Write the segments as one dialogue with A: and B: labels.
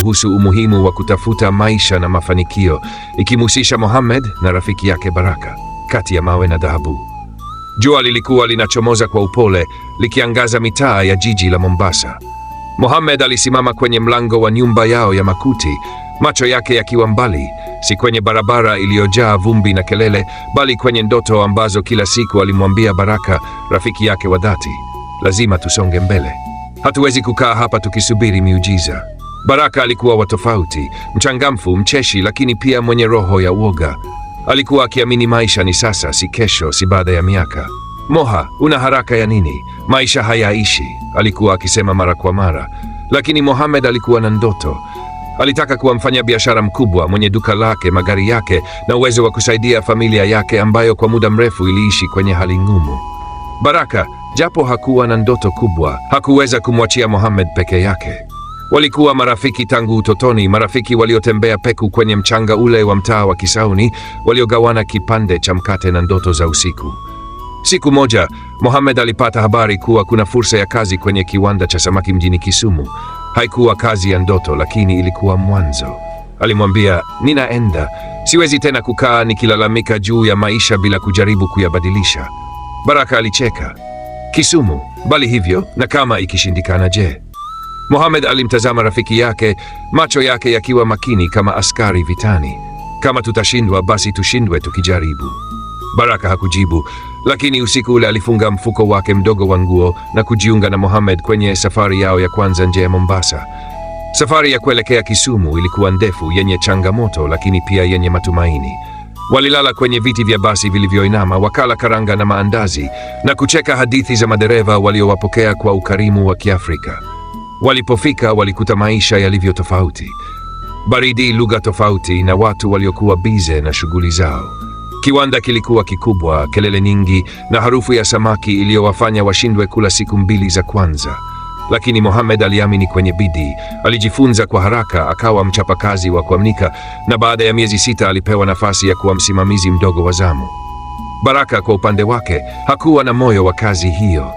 A: kuhusu umuhimu wa kutafuta maisha na mafanikio, ikimhusisha Mohamed na rafiki yake Baraka kati ya mawe na dhahabu. Jua lilikuwa linachomoza kwa upole likiangaza mitaa ya jiji la Mombasa. Mohamed alisimama kwenye mlango wa nyumba yao ya makuti, macho yake yakiwa mbali, si kwenye barabara iliyojaa vumbi na kelele, bali kwenye ndoto ambazo kila siku alimwambia Baraka, rafiki yake wa dhati, lazima tusonge mbele, hatuwezi kukaa hapa tukisubiri miujiza. Baraka alikuwa wa tofauti, mchangamfu, mcheshi, lakini pia mwenye roho ya uoga. Alikuwa akiamini maisha ni sasa, si kesho, si baada ya miaka. Moha, una haraka ya nini? Maisha hayaishi, alikuwa akisema mara kwa mara. Lakini Mohamed alikuwa na ndoto. Alitaka kuwa mfanyabiashara mkubwa mwenye duka lake, magari yake na uwezo wa kusaidia familia yake ambayo kwa muda mrefu iliishi kwenye hali ngumu. Baraka, japo hakuwa na ndoto kubwa, hakuweza kumwachia Mohamed peke yake. Walikuwa marafiki tangu utotoni, marafiki waliotembea peku kwenye mchanga ule wa mtaa wa Kisauni, waliogawana kipande cha mkate na ndoto za usiku. Siku moja Mohamed alipata habari kuwa kuna fursa ya kazi kwenye kiwanda cha samaki mjini Kisumu. Haikuwa kazi ya ndoto, lakini ilikuwa mwanzo. Alimwambia, ninaenda, siwezi tena kukaa nikilalamika juu ya maisha bila kujaribu kuyabadilisha. Baraka alicheka, Kisumu bali hivyo, na kama ikishindikana, je? Mohamed alimtazama rafiki yake, macho yake yakiwa makini kama askari vitani. Kama tutashindwa basi tushindwe tukijaribu. Baraka hakujibu, lakini usiku ule alifunga mfuko wake mdogo wa nguo na kujiunga na Mohamed kwenye safari yao ya kwanza nje ya Mombasa. Safari ya kuelekea Kisumu ilikuwa ndefu, yenye changamoto, lakini pia yenye matumaini. Walilala kwenye viti vya basi vilivyoinama, wakala karanga na maandazi na kucheka hadithi za madereva waliowapokea kwa ukarimu wa Kiafrika. Walipofika walikuta maisha yalivyo tofauti, baridi, lugha tofauti na watu waliokuwa bize na shughuli zao. Kiwanda kilikuwa kikubwa, kelele nyingi na harufu ya samaki iliyowafanya washindwe kula siku mbili za kwanza. Lakini Mohamed aliamini kwenye bidii, alijifunza kwa haraka, akawa mchapakazi wa kuaminika, na baada ya miezi sita alipewa nafasi ya kuwa msimamizi mdogo wa zamu. Baraka kwa upande wake hakuwa na moyo wa kazi hiyo.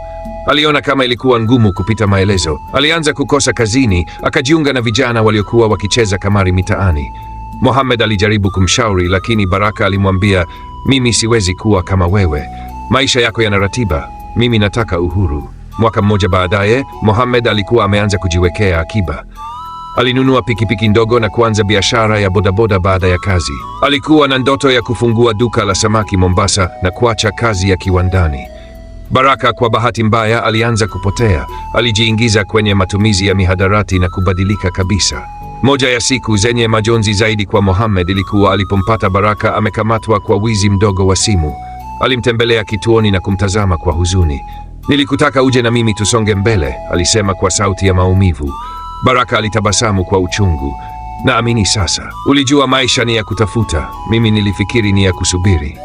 A: Aliona kama ilikuwa ngumu kupita maelezo. Alianza kukosa kazini, akajiunga na vijana waliokuwa wakicheza kamari mitaani. Mohamed alijaribu kumshauri, lakini Baraka alimwambia, mimi siwezi kuwa kama wewe, maisha yako yana ratiba, mimi nataka uhuru. Mwaka mmoja baadaye, Mohamed alikuwa ameanza kujiwekea akiba. Alinunua pikipiki ndogo na kuanza biashara ya bodaboda baada ya kazi. Alikuwa na ndoto ya kufungua duka la samaki Mombasa na kuacha kazi ya kiwandani. Baraka kwa bahati mbaya alianza kupotea. Alijiingiza kwenye matumizi ya mihadarati na kubadilika kabisa. Moja ya siku zenye majonzi zaidi kwa Mohamed ilikuwa alipompata Baraka amekamatwa kwa wizi mdogo wa simu. Alimtembelea kituoni na kumtazama kwa huzuni. Nilikutaka uje na mimi tusonge mbele, alisema kwa sauti ya maumivu. Baraka alitabasamu kwa uchungu. Naamini sasa ulijua maisha ni ya kutafuta, mimi nilifikiri ni ya kusubiri.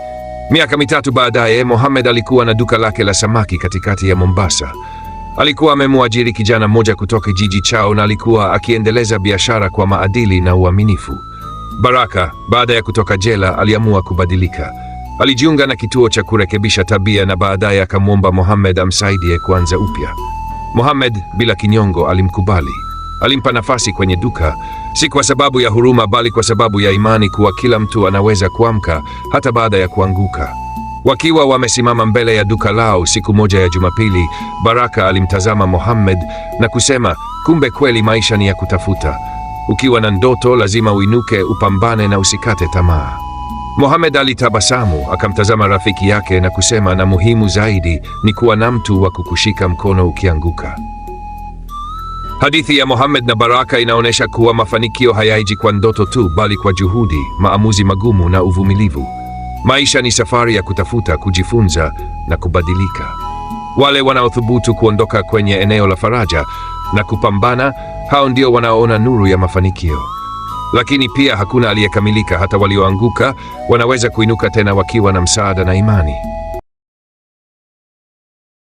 A: Miaka mitatu baadaye, Mohamed alikuwa na duka lake la samaki katikati ya Mombasa. Alikuwa amemwajiri kijana mmoja kutoka jiji chao na alikuwa akiendeleza biashara kwa maadili na uaminifu. Baraka, baada ya kutoka jela, aliamua kubadilika. Alijiunga na kituo cha kurekebisha tabia na baadaye akamwomba Mohamed amsaidie kuanza upya. Mohamed bila kinyongo alimkubali. Alimpa nafasi kwenye duka, si kwa sababu ya huruma, bali kwa sababu ya imani kuwa kila mtu anaweza kuamka hata baada ya kuanguka. Wakiwa wamesimama mbele ya duka lao siku moja ya Jumapili, Baraka alimtazama Mohammed na kusema, kumbe kweli maisha ni ya kutafuta. Ukiwa na ndoto lazima uinuke, upambane na usikate tamaa. Mohamed alitabasamu, akamtazama rafiki yake na kusema, na muhimu zaidi ni kuwa na mtu wa kukushika mkono ukianguka. Hadithi ya Mohamed na Baraka inaonyesha kuwa mafanikio hayaiji kwa ndoto tu, bali kwa juhudi, maamuzi magumu na uvumilivu. Maisha ni safari ya kutafuta, kujifunza na kubadilika. Wale wanaothubutu kuondoka kwenye eneo la faraja na kupambana, hao ndio wanaoona nuru ya mafanikio. Lakini pia hakuna aliyekamilika. Hata walioanguka wanaweza kuinuka tena wakiwa na msaada na imani.